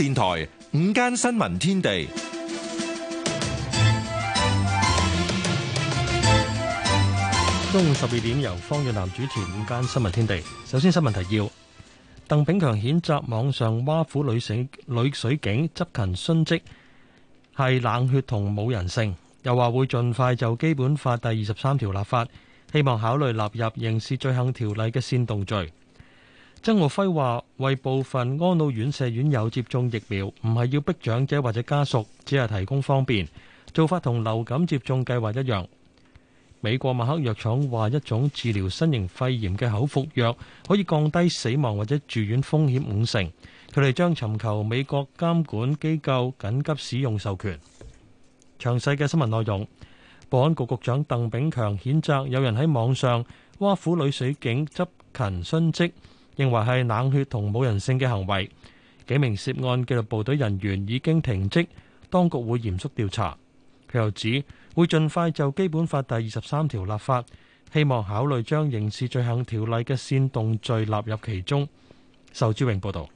電台午間新聞天地，中午十二點，由方遠南主持午間新聞天地。首先新聞提要：鄧炳強譴責網上挖苦女水女水警執勤殉職係冷血同冇人性，又話會盡快就基本法第二十三條立法，希望考慮納入刑事罪行條例嘅煽動罪。曾浩輝話：為部分安老院舍院友接種疫苗，唔係要逼長者或者家屬，只係提供方便。做法同流感接種計劃一樣。美國馬克藥廠話，一種治療新型肺炎嘅口服藥可以降低死亡或者住院風險五成。佢哋將尋求美國監管機構緊急使用授權。詳細嘅新聞內容，保安局局長鄧炳強譴責有人喺網上挖苦女水警執勤殉職。認為係冷血同冇人性嘅行為，幾名涉案紀律部隊人員已經停職，當局會嚴肅調查。佢又指會盡快就基本法第二十三條立法，希望考慮將刑事罪行條例嘅煽動罪納入其中。仇志榮報道。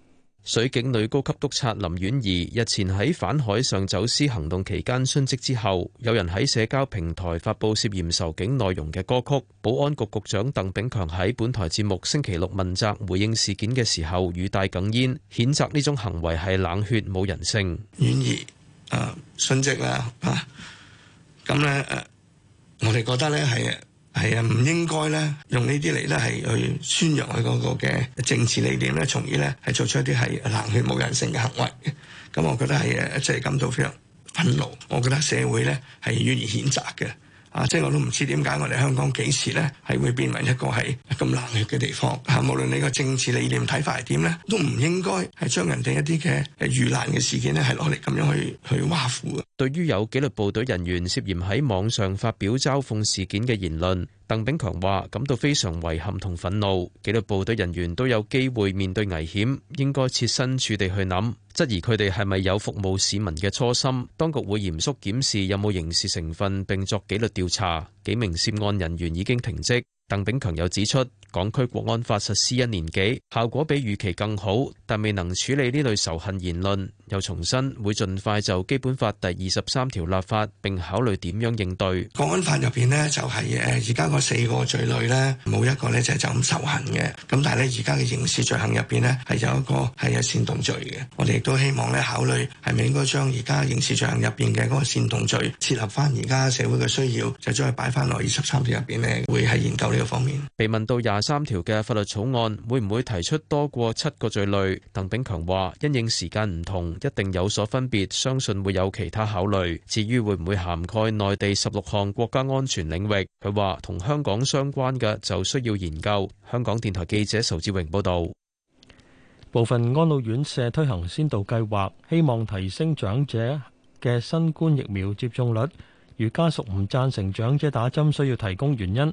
水警女高級督察林婉儀日前喺反海上走私行動期間殉職之後，有人喺社交平台發布涉嫌仇警內容嘅歌曲。保安局局長鄧炳強喺本台節目星期六問責回應事件嘅時候語帶哽咽，譴責呢種行為係冷血冇人性。婉儀殉職啦啊，咁咧、啊啊啊、我哋覺得呢係。係啊，唔應該咧用這些來呢啲嚟咧係去宣揚佢嗰個嘅政治理念咧，從而咧係做出一啲係冷血冇人性嘅行為。咁、嗯、我覺得係一直感到非常憤怒。我覺得社會咧係願意譴責嘅。啊！即係我都唔知點解我哋香港幾時呢係會變為一個係咁冷血嘅地方嚇，無論你個政治理念睇法係點呢，都唔應該係將人哋一啲嘅遇難嘅事件呢係攞嚟咁樣去去挖苦啊！對於有紀律部隊人員涉嫌喺網上發表嘲諷事件嘅言論。鄧炳強話，感到非常遺憾同憤怒，紀律部隊人員都有機會面對危險，應該設身處地去諗，質疑佢哋係咪有服務市民嘅初心。當局會嚴肅檢視有冇刑事成分，並作紀律調查。幾名涉案人員已經停職。鄧炳強又指出，港區國安法實施一年幾，效果比預期更好，但未能處理呢類仇恨言論。又重申會盡快就基本法第二十三條立法，並考慮點樣應對國安法入邊呢，就係誒而家嗰四個罪類呢，冇一個呢就係就咁受刑嘅，咁但係咧而家嘅刑事罪行入邊呢，係有一個係有煽動罪嘅，我哋亦都希望咧考慮係咪應該將而家刑事罪行入邊嘅嗰個煽動罪設立翻而家社會嘅需要，就將佢擺翻落二十三條入邊呢會係研究呢個方面。被問到廿三條嘅法律草案會唔會提出多過七個罪類，鄧炳強話因應時間唔同。一定有所分別，相信會有其他考慮。至於會唔會涵蓋內地十六項國家安全領域，佢話同香港相關嘅就需要研究。香港電台記者仇志榮報道，部分安老院舍推行先導計劃，希望提升長者嘅新冠疫苗接種率。如家屬唔贊成長者打針，需要提供原因。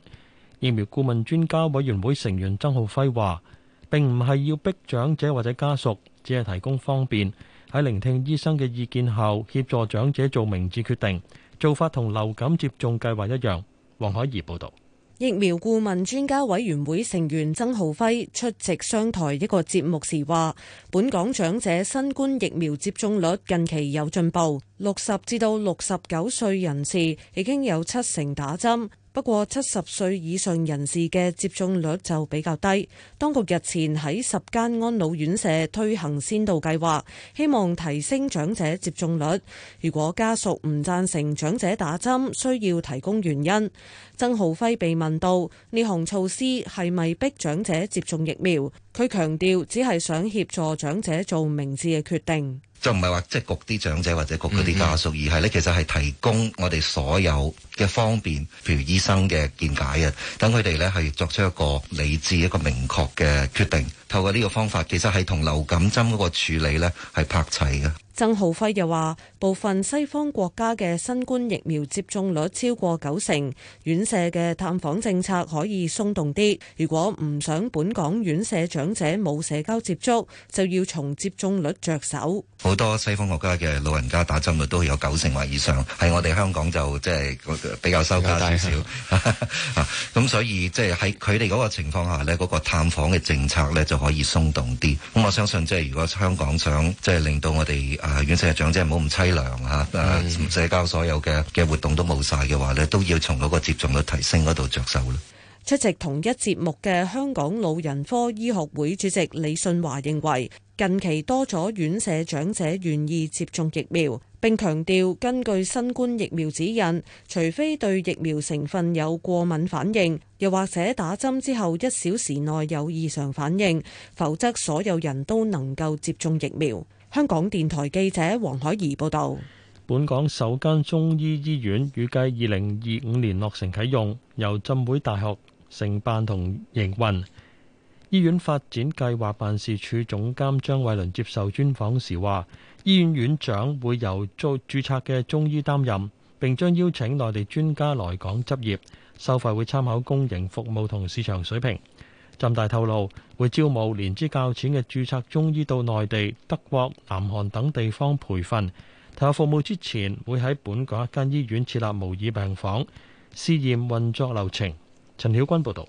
疫苗顧問專家委員會成員曾浩輝話，並唔係要逼長者或者家屬，只係提供方便。喺聆聽醫生嘅意見後，協助長者做明智決定，做法同流感接種計劃一樣。黃海怡報導，疫苗顧問專家委員會成員曾浩輝出席商台一個節目時話，本港長者新冠疫苗接種率近期有進步，六十至到六十九歲人士已經有七成打針。不過七十歲以上人士嘅接種率就比較低。當局日前喺十間安老院舍推行先導計劃，希望提升長者接種率。如果家屬唔贊成長者打針，需要提供原因。曾浩輝被問到呢項措施係咪逼長者接種疫苗，佢強調只係想協助長者做明智嘅決定。就唔係話即係焗啲長者或者焗佢啲家屬，嗯、哼而係咧其實係提供我哋所有嘅方便，譬如醫生嘅見解啊，等佢哋呢係作出一個理智一個明確嘅決定。透過呢個方法，其實係同流感針嗰個處理呢係拍齊嘅。曾浩輝又話：部分西方國家嘅新冠疫苗接種率超過九成，院舍嘅探訪政策可以鬆動啲。如果唔想本港院舍長者冇社交接觸，就要從接種率着手。好多西方國家嘅老人家打針率都有九成或以上，喺我哋香港就即係比較收加少少。咁 所以即係喺佢哋嗰個情況下咧，嗰、嗰個探訪嘅政策咧就可以鬆動啲。咁我相信即係如果香港想即係令到我哋。院舍長者唔好咁淒涼吓，的社交所有嘅嘅活動都冇晒嘅話咧，都要從嗰個接種率提升嗰度着手咯。出席同一節目嘅香港老人科醫學會主席李信華認為，近期多咗院舍長者願意接種疫苗，並強調根據新冠疫苗指引，除非對疫苗成分有過敏反應，又或者打針之後一小時內有異常反應，否則所有人都能夠接種疫苗。香港電台記者黃海怡報道，本港首間中醫醫院預計二零二五年落成啟用，由浸會大學承辦同營運。醫院發展計劃辦事處總監張慧倫接受專訪時話，醫院院長會由做註冊嘅中醫擔任，並將邀請內地專家來港執業，收費會參考公營服務同市場水平。浸大透露。會招募年資較淺嘅註冊中醫到內地、德國、南韓等地方培訓。投入服務之前，會喺本港一間醫院設立模擬病房，試驗運作流程。陳曉君報導。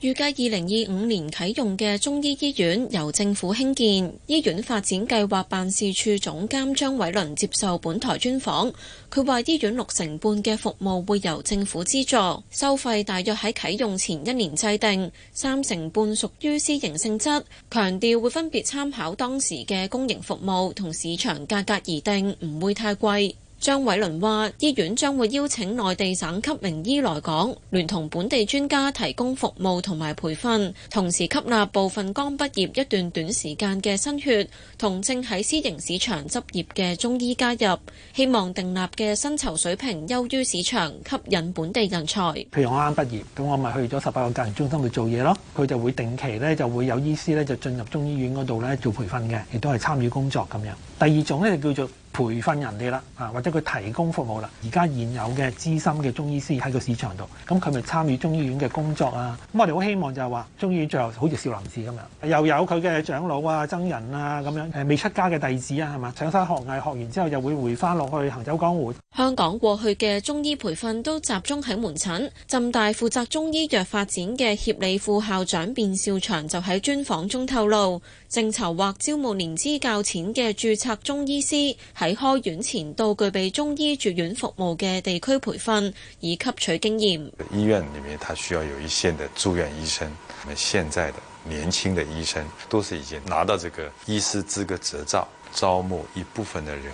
預計二零二五年啟用嘅中醫醫院由政府興建，醫院發展計劃辦事處總監張偉倫接受本台專訪，佢話醫院六成半嘅服務會由政府資助，收費大約喺啟用前一年制定，三成半屬於私營性質，強調會分別參考當時嘅公營服務同市場價格而定，唔會太貴。張偉麟話：醫院將會邀請內地省級名醫來港，聯同本地專家提供服務同埋培訓，同時吸納部分剛畢業一段短時間嘅新血，同正喺私營市場執業嘅中醫加入。希望訂立嘅薪酬水平優於市場，吸引本地人才。譬如我啱畢業，咁我咪去咗十八個教研中心去做嘢咯。佢就會定期呢，就會有醫師呢，就進入中醫院嗰度呢做培訓嘅，亦都係參與工作咁樣。第二種呢，就叫做。培訓人哋啦，啊或者佢提供服務啦。而家現有嘅資深嘅中醫師喺個市場度，咁佢咪參與中醫院嘅工作啊？咁我哋好希望就係話中醫院最後好似少林寺咁樣，又有佢嘅長老啊、僧人啊咁樣，誒未出家嘅弟子啊係嘛，上山學藝學完之後又會回翻落去行走江湖。香港過去嘅中醫培訓都集中喺門診，浸大負責中醫藥發展嘅協理副校長卞兆祥就喺專訪中透露，正籌劃招募年資較淺嘅註冊中醫師。喺開院前到具備中醫住院服務嘅地區培訓，以吸取經驗。醫院裡面，他需要有一線的住院醫生。我們現在的年輕的醫生，都是已經拿到這個醫師資格執照，招募一部分的人，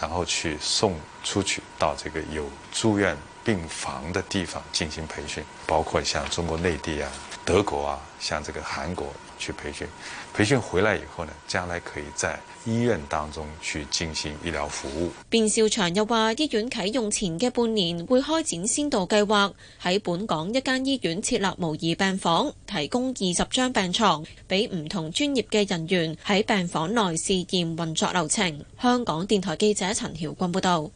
然後去送出去到這個有住院病房的地方進行培訓，包括像中國內地啊、德國啊、像這個韓國。去培訓，培訓回來以後呢，將來可以在醫院當中去進行醫療服務。卞兆祥又話：醫院啟用前嘅半年會開展先導計劃，喺本港一間醫院設立模擬病房，提供二十張病床，俾唔同專業嘅人員喺病房內試驗運作流程。香港電台記者陳曉君報道。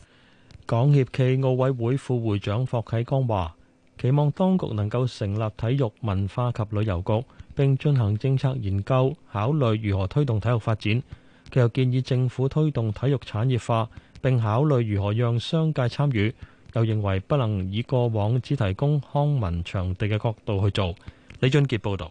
港協暨奧委會副會長霍啟剛話：期望當局能夠成立體育、文化及旅遊局。並進行政策研究，考慮如何推動體育發展。佢又建議政府推動體育產業化，並考慮如何讓商界參與。又認為不能以過往只提供康文場地嘅角度去做。李俊傑報導。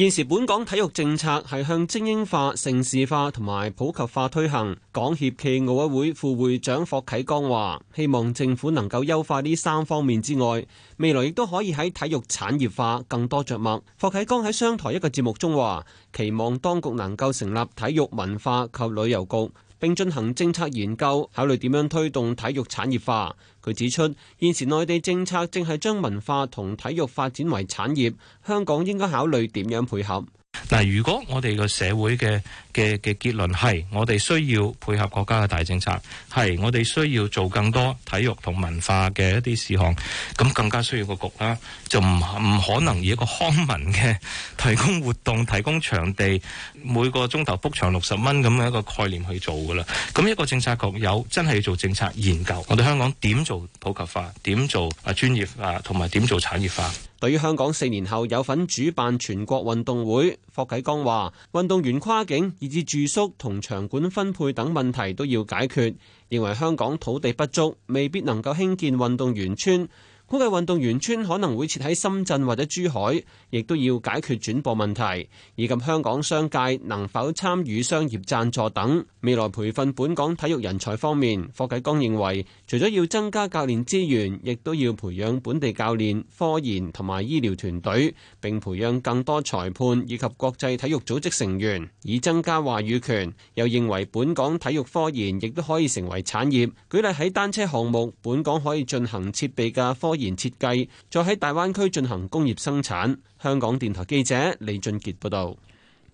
現時本港體育政策係向精英化、城市化同埋普及化推行。港協暨奧委會副會長霍啟剛話：希望政府能夠優化呢三方面之外，未來亦都可以喺體育產業化更多着墨。霍啟剛喺商台一個節目中話：期望當局能夠成立體育文化及旅遊局。並進行政策研究，考慮點樣推動體育產業化。佢指出，現時內地政策正係將文化同體育發展為產業，香港應該考慮點樣配合。嗱，如果我哋個社會嘅嘅嘅結論係，我哋需要配合國家嘅大政策，係我哋需要做更多體育同文化嘅一啲事項，咁更加需要個局啦，就唔唔可能以一個康文嘅提供活動、提供場地，每個鐘頭 book 場六十蚊咁樣一個概念去做㗎啦。咁一個政策局有真係要做政策研究，我哋香港點做普及化、點做啊專業化同埋點做產業化。對於香港四年後有份主辦全國運動會霍剛，霍啟剛話：運動員跨境以至住宿同場館分配等問題都要解決，認為香港土地不足，未必能夠興建運動員村。估計運動員村可能會設喺深圳或者珠海，亦都要解決轉播問題，以及香港商界能否參與商業贊助等。未來培訓本港體育人才方面，霍啟剛認為，除咗要增加教練資源，亦都要培養本地教練、科研同埋醫療團隊，並培養更多裁判，以及國際體育組織成員，以增加話語權。又認為本港體育科研亦都可以成為產業。舉例喺單車項目，本港可以進行設備嘅科研。然設計，再喺大灣區進行工業生產。香港電台記者李俊傑報道：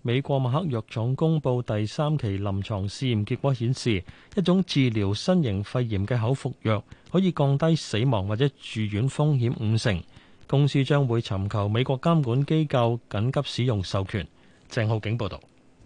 美國默克藥廠公布第三期臨床試驗結果顯示，一種治療新型肺炎嘅口服藥可以降低死亡或者住院風險五成。公司將會尋求美國監管機構緊急使用授權。鄭浩景報道。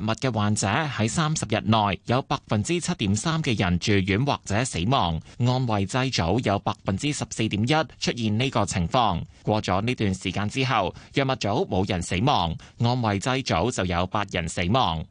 物嘅患者喺三十日內有百分之七點三嘅人住院或者死亡，安慰劑組有百分之十四點一出現呢個情況。過咗呢段時間之後，藥物組冇人死亡，安慰劑組就有八人死亡。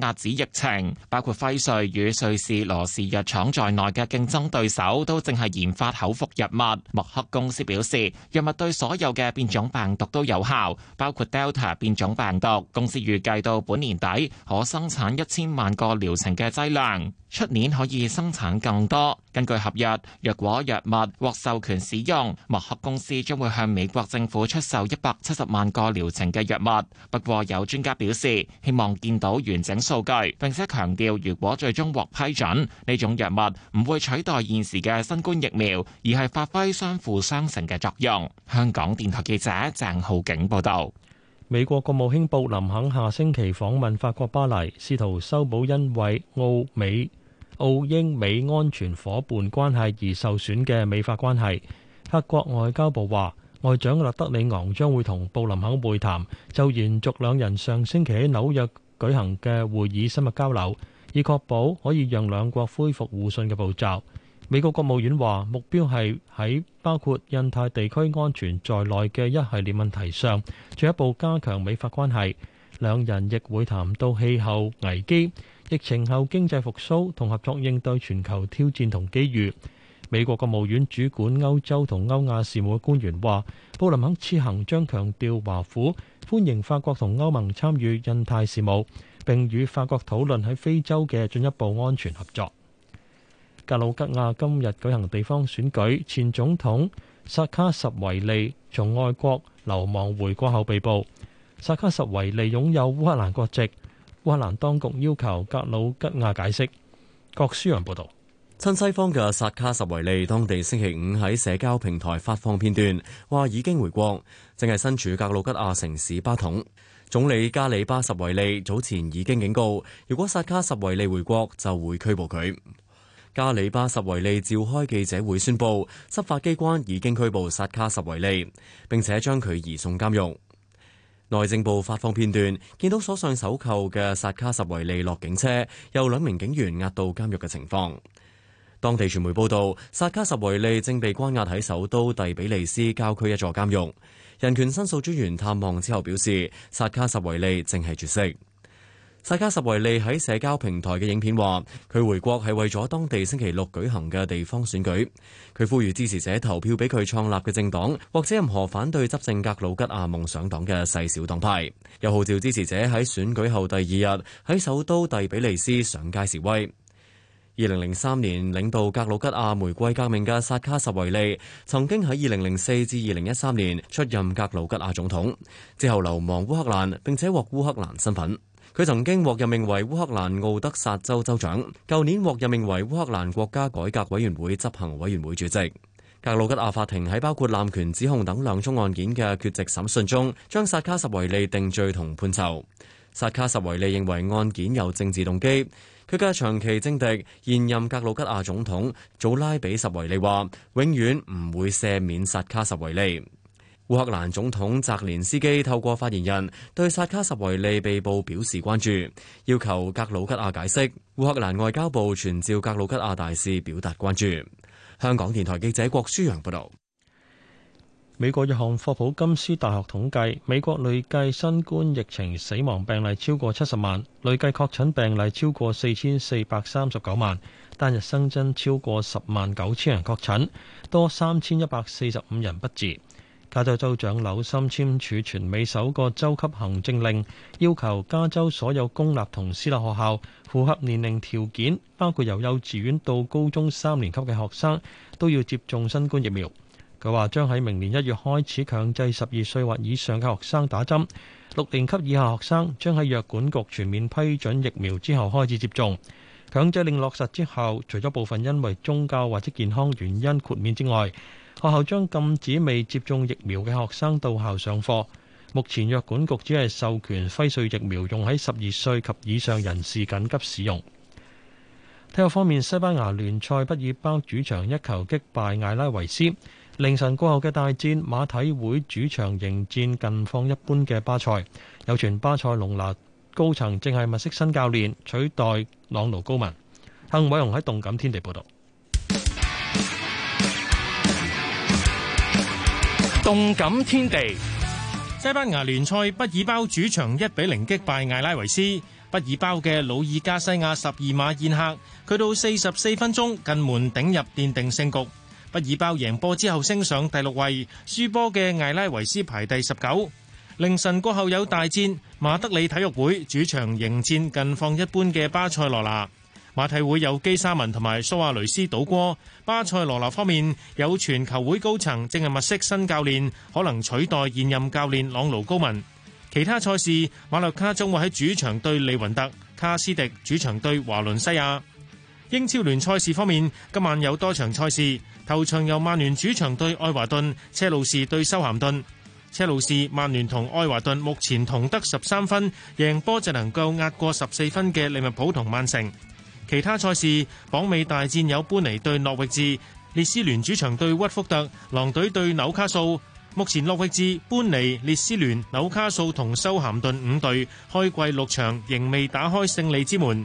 遏止疫情，包括輝瑞與瑞士羅氏藥廠在內嘅競爭對手都淨係研發口服藥物。默克公司表示，藥物對所有嘅變種病毒都有效，包括 Delta 變種病毒。公司預計到本年底可生產一千萬個療程嘅劑量，出年可以生產更多。根據合約，若果藥物獲授權使用，默克公司將會向美國政府出售一百七十萬個療程嘅藥物。不過有專家表示，希望見到完整。數據，並且強調，如果最終獲批准，呢種藥物唔會取代現時嘅新冠疫苗，而係發揮相輔相成嘅作用。香港電台記者鄭浩景報道。美國國務卿布林肯下星期訪問法國巴黎，試圖修補因為澳美、澳英美安全夥伴關係而受損嘅美法關係。法國外交部話，外長勒德里昂將會同布林肯會談，就延續兩人上星期喺紐約舉行嘅會議深入交流，以確保可以讓兩國恢復互信嘅步驟。美國國務院話目標係喺包括印太地區安全在內嘅一系列問題上，進一步加強美法關係。兩人亦會談到氣候危機、疫情後經濟復甦同合作應對全球挑戰同機遇。美國國務院主管歐洲同歐亞事務嘅官員話，布林肯此行將強調華府。歡迎法國同歐盟參與印太事務，並與法國討論喺非洲嘅進一步安全合作。格魯吉亞今日舉行地方選舉，前總統薩卡什維利從外國流亡回國後被捕。薩卡什維利擁有烏克蘭國籍，烏克蘭當局要求格魯吉亞解釋。郭舒陽報導。親西方嘅薩卡什維利，當地星期五喺社交平台發放片段，話已經回國，正係身處格魯吉亞城市巴統。總理加里巴什維利早前已經警告，如果薩卡什維利回國，就會拘捕佢。加里巴什維利召開記者會，宣布執法機關已經拘捕薩卡什維利，並且將佢移送監獄。內政部發放片段，見到所上手扣嘅薩卡什維利落警車，有兩名警員押到監獄嘅情況。當地傳媒報道，薩卡什維利正被關押喺首都第比利斯郊區一座監獄。人權申訴專員探望之後表示，薩卡什維利正係絕食。薩卡什維利喺社交平台嘅影片話，佢回國係為咗當地星期六舉行嘅地方選舉。佢呼籲支持者投票俾佢創立嘅政黨，或者任何反對執政格魯吉亞夢想黨嘅細小黨派。又號召支持者喺選舉後第二日喺首都第比利斯上街示威。二零零三年領導格魯吉亞玫瑰革命嘅薩卡什維利，曾經喺二零零四至二零一三年出任格魯吉亞總統，之後流亡烏克蘭，並且獲烏克蘭身份。佢曾經獲任命為烏克蘭奧德薩州州長，舊年獲任命為烏克蘭國家改革委員會執行委員會主席。格魯吉亞法庭喺包括濫權指控等兩宗案件嘅缺席審訊中，將薩卡什維利定罪同判囚。薩卡什維利認為案件有政治動機。佢家長期政敵現任格魯吉亞總統祖拉比什維利話：永遠唔會赦免薩卡什維利。烏克蘭總統澤連斯基透過發言人對薩卡什維利被捕表示關注，要求格魯吉亞解釋。烏克蘭外交部傳召格魯吉亞大使表達關注。香港電台記者郭舒揚報道。美國一項霍普金斯大學統計，美國累計新冠疫情死亡病例超過七十萬，累計確診病例超過四千四百三十九萬，單日新增超過十萬九千人確診，多三千一百四十五人不治。加州州長紐森簽署全美首個州級行政令，要求加州所有公立同私立學校符合年齡條件，包括由幼稚園到高中三年級嘅學生，都要接種新冠疫苗。佢話將喺明年一月開始強制十二歲或以上嘅學生打針，六年級以下學生將喺藥管局全面批准疫苗之後開始接種。強制令落實之後，除咗部分因為宗教或者健康原因豁免之外，學校將禁止未接種疫苗嘅學生到校上課。目前藥管局只係授權輝瑞疫苗用喺十二歲及以上人士緊急使用。體育方面，西班牙聯賽畢爾包主場一球擊敗艾拉維斯。凌晨過後嘅大戰，馬體會主場迎戰近況一般嘅巴塞，有傳巴塞隆拿高層正係物色新教練取代朗奴高文。幸偉雄喺動感天地報道。動感天地，天地西班牙聯賽，畢爾包主場一比零擊敗艾拉維斯。畢爾包嘅魯爾加西亞十二碼宴客，去到四十四分鐘近門頂入，奠定勝局。畢爾包贏波之後升上第六位，輸波嘅艾拉維斯排第十九。凌晨過後有大戰，馬德里體育會主場迎戰近況一般嘅巴塞羅那。馬體會有基沙文同埋蘇亞雷斯倒戈。巴塞羅那方面有全球會高層正係物色新教練，可能取代現任教練朗奴高文。其他賽事，馬略卡將會喺主場對利雲特，卡斯迪主場對華倫西亞。英超聯賽事方面，今晚有多場賽事，頭場由曼聯主場對愛華頓，車路士對修咸頓。車路士、曼聯同愛華頓目前同得十三分，贏波就能夠壓過十四分嘅利物浦同曼城。其他賽事，榜尾大戰有班尼對諾域治，列斯聯主場對屈福特，狼隊對紐卡素。目前諾域治、班尼、列斯聯、紐卡素同修咸頓五隊開季六場仍未打開勝利之門。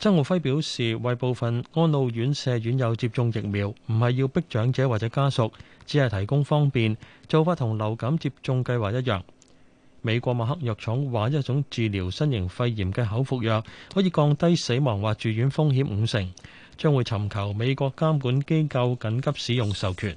曾浩輝表示，為部分安老院舍院友接種疫苗，唔係要逼長者或者家屬，只係提供方便，做法同流感接種計劃一樣。美國默克藥廠話一種治療新型肺炎嘅口服藥，可以降低死亡或住院風險五成，將會尋求美國監管機構緊急使用授權。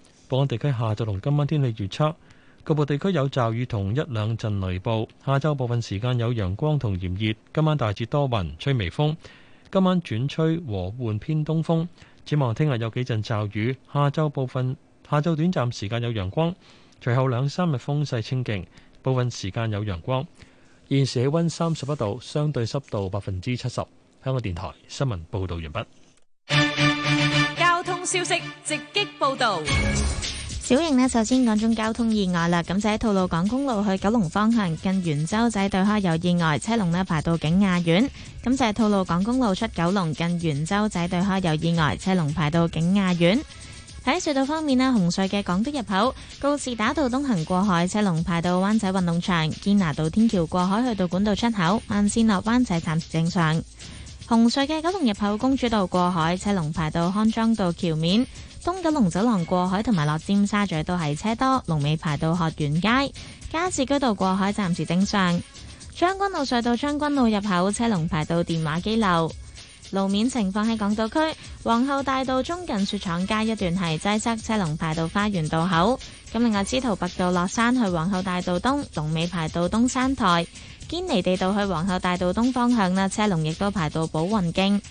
本港地區下晝同今晚天氣預測，局部地區有驟雨同一兩陣雷暴。下晝部分時間有陽光同炎熱，今晚大致多雲吹微風，今晚轉吹和緩偏東風，展望聽日有幾陣驟雨。下晝部分下晝短暫時間有陽光，隨後兩三日風勢清勁，部分時間有陽光。現時氣溫三十一度，相對濕度百分之七十。香港電台新聞報道完畢。消息直擊報道，小瑩呢，首先講宗交通意外啦，咁就喺、是、吐露港公路去九龍方向近圓洲仔對開有意外，車龍咧排到景雅苑。咁就係、是、吐露港公路出九龍近圓洲仔對開有意外，車龍排到景雅苑。喺隧道方面咧，紅隧嘅港島入口告士打道東行過海，車龍排到灣仔運動場。堅拿道天橋過海去到管道出口，慢線落灣仔暫時正常。紅隧嘅九龍入口公主道過海車龍排到康莊道橋面，東九龍走廊過海同埋落尖沙咀都係車多，龍尾排到學園街。加士居道過海暫時正常。將軍澳隧道將軍澳入口車龍排到電話機樓。路面情況喺港島區皇后大道中近雪廠街一段係擠塞，車龍排到花園道口。咁另外北，司徒拔道落山去皇后大道東，龍尾排到東山台。堅尼地道去皇后大道東方向啦，車龍亦都排到寶雲徑。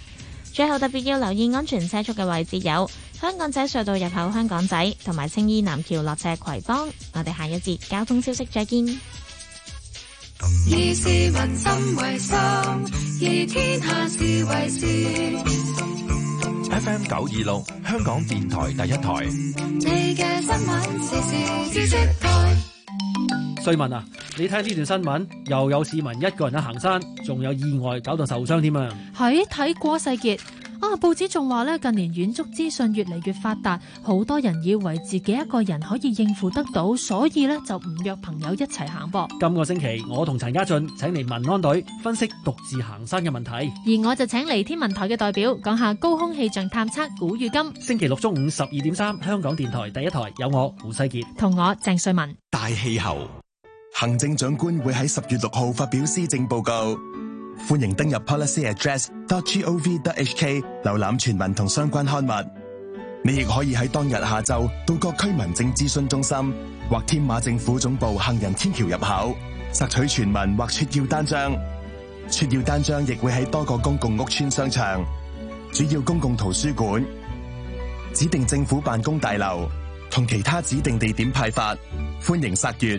最後特別要留意安全車速嘅位置有香港仔隧道入口、香港仔同埋青衣南橋落斜葵芳。我哋下一節交通消息再見。以市民心為心，以天下事為事。FM 九二六， 26，香港電台第一台。瑞文啊，你睇下呢段新聞，又有市民一個人喺行山，仲有意外搞到受傷添啊！係睇過世節啊，報紙仲話咧，近年遠足資訊越嚟越發達，好多人以為自己一個人可以應付得到，所以咧就唔約朋友一齊行噃。今個星期我同陳家俊請嚟民安隊分析獨自行山嘅問題，而我就請嚟天文台嘅代表講下高空氣象探測古語金。星期六中午十二點三，3, 香港電台第一台有我胡世杰同我鄭瑞文大氣候。行政長官會喺十月六號發表施政報告，歡迎登入 policyaddress.gov.hk 瀏覽全文同相關刊物。你亦可以喺當日下晝到各區民政諮詢中心或添馬政府總部行人天橋入口索取全文或撮要單張。撮要單張亦會喺多個公共屋邨、商場、主要公共圖書館、指定政府辦公大樓同其他指定地點派發。歡迎索閱。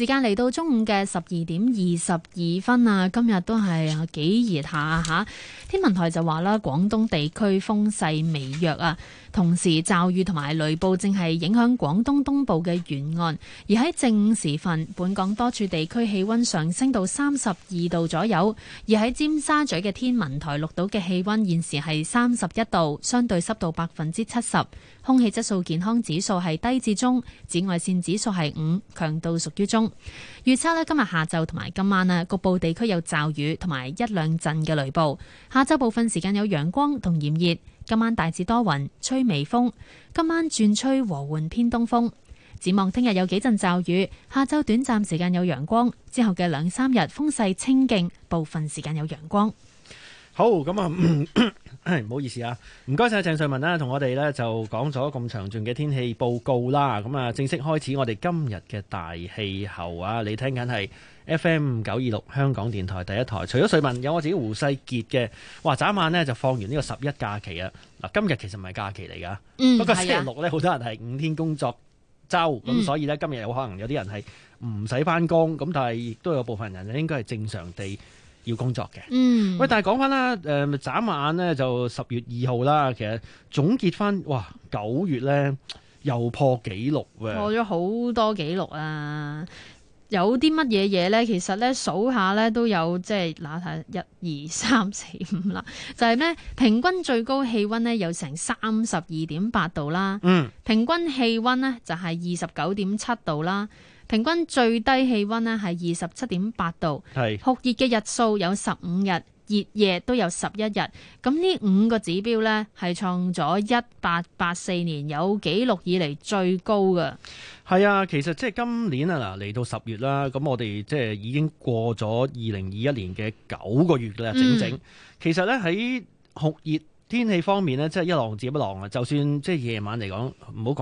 時間嚟到中午嘅十二點二十二分啊，今日都係幾熱下吓。天文台就話啦，廣東地區風勢微弱啊。同時，驟雨同埋雷暴正係影響廣東東部嘅沿岸。而喺正午時分，本港多處地區氣温上升到三十二度左右。而喺尖沙咀嘅天文台錄到嘅氣温現時係三十一度，相對濕度百分之七十，空氣質素健康指數係低至中，紫外線指數係五，強度屬於中。預測咧，今日下晝同埋今晚啊，局部地區有驟雨同埋一兩陣嘅雷暴。下晝部分時間有陽光同炎熱。今晚大致多雲，吹微風。今晚轉吹和緩偏東風。展望聽日有幾陣驟雨，下周短暫時間有陽光，之後嘅兩三日風勢清勁，部分時間有陽光。好，咁啊，唔好意思啊，唔該晒鄭瑞文啦，同我哋咧就講咗咁詳盡嘅天氣報告啦。咁啊，正式開始我哋今日嘅大氣候啊，你聽緊係。FM 九二六香港電台第一台，除咗睡文，有我自己胡世杰嘅。哇！眨晚咧就放完呢個十一假期啊。嗱，今日其實唔係假期嚟噶。嗯、不過星期六咧，好多人係五天工作周，咁、嗯、所以咧今日有可能有啲人係唔使翻工，咁但係亦都有部分人應該係正常地要工作嘅。嗯，喂，但係講翻啦，誒、呃，昨晚咧就十月二號啦，其實總結翻，哇，九月咧又破紀錄喎，破咗好多紀錄啊！有啲乜嘢嘢呢？其實咧，數下咧都有，即係嗱，一、二、三、四、五啦。就係呢，平均最高氣溫呢有成三十二點八度啦。嗯。平均氣溫呢就係二十九點七度啦。平均最低氣溫呢係二十七點八度。係。酷熱嘅日數有十五日。熱夜都有十一日，咁呢五個指標咧係創咗一八八四年有紀錄以嚟最高嘅。係啊，其實即係今年啊，嗱嚟到十月啦，啊，咁我哋即係已經過咗二零二一年嘅九個月啦，整整。嗯、其實咧喺酷熱天氣方面咧，即、就、係、是、一浪接一浪啊，就算即係夜晚嚟講，唔好。